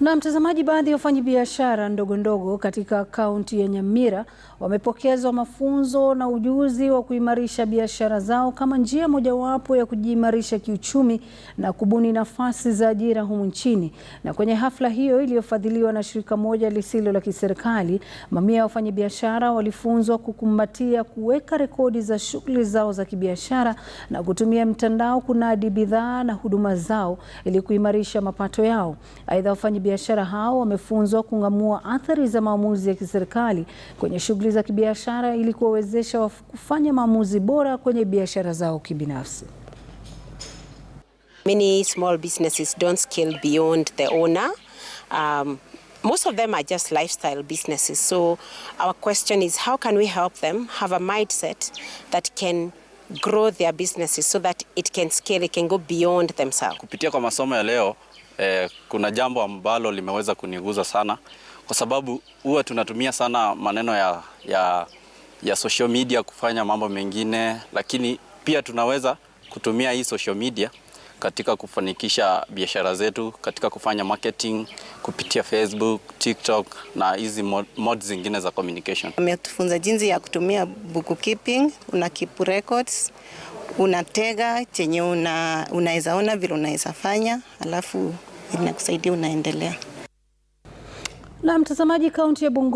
Na mtazamaji, baadhi ya wafanyabiashara ndogo ndogo katika kaunti ya Nyamira wamepokezwa mafunzo na ujuzi wa kuimarisha biashara zao kama njia mojawapo ya kujiimarisha kiuchumi na kubuni nafasi za ajira humu nchini. Na kwenye hafla hiyo iliyofadhiliwa na shirika moja lisilo la kiserikali, mamia ya wafanyabiashara walifunzwa kukumbatia kuweka rekodi za shughuli zao za kibiashara na kutumia mtandao kunadi bidhaa na huduma zao ili kuimarisha mapato yao. Aidha, wafanyabiashara wafanyabiashara hao wamefunzwa kung'amua athari za maamuzi ya kiserikali kwenye shughuli za kibiashara ili kuwawezesha kufanya maamuzi bora kwenye biashara zao kibinafsi. Many small businesses don't scale beyond the owner. Um, most of them are just lifestyle businesses. So our question is how can we help them have a mindset that can grow their businesses so that it can scale, it can go beyond themselves. Kupitia kwa masomo ya leo eh, kuna jambo ambalo limeweza kuniguza sana kwa sababu huwa tunatumia sana maneno ya, ya, ya social media kufanya mambo mengine, lakini pia tunaweza kutumia hii social media katika kufanikisha biashara zetu, katika kufanya marketing kupitia Facebook, TikTok na hizi mod zingine za communication. Ametufunza jinsi ya kutumia keeping, una keep records, unatega chenye una, unawezaona vile unaweza fanya alafu inakusaidia unaendelea. Na mtazamaji, kaunti ya Bungoma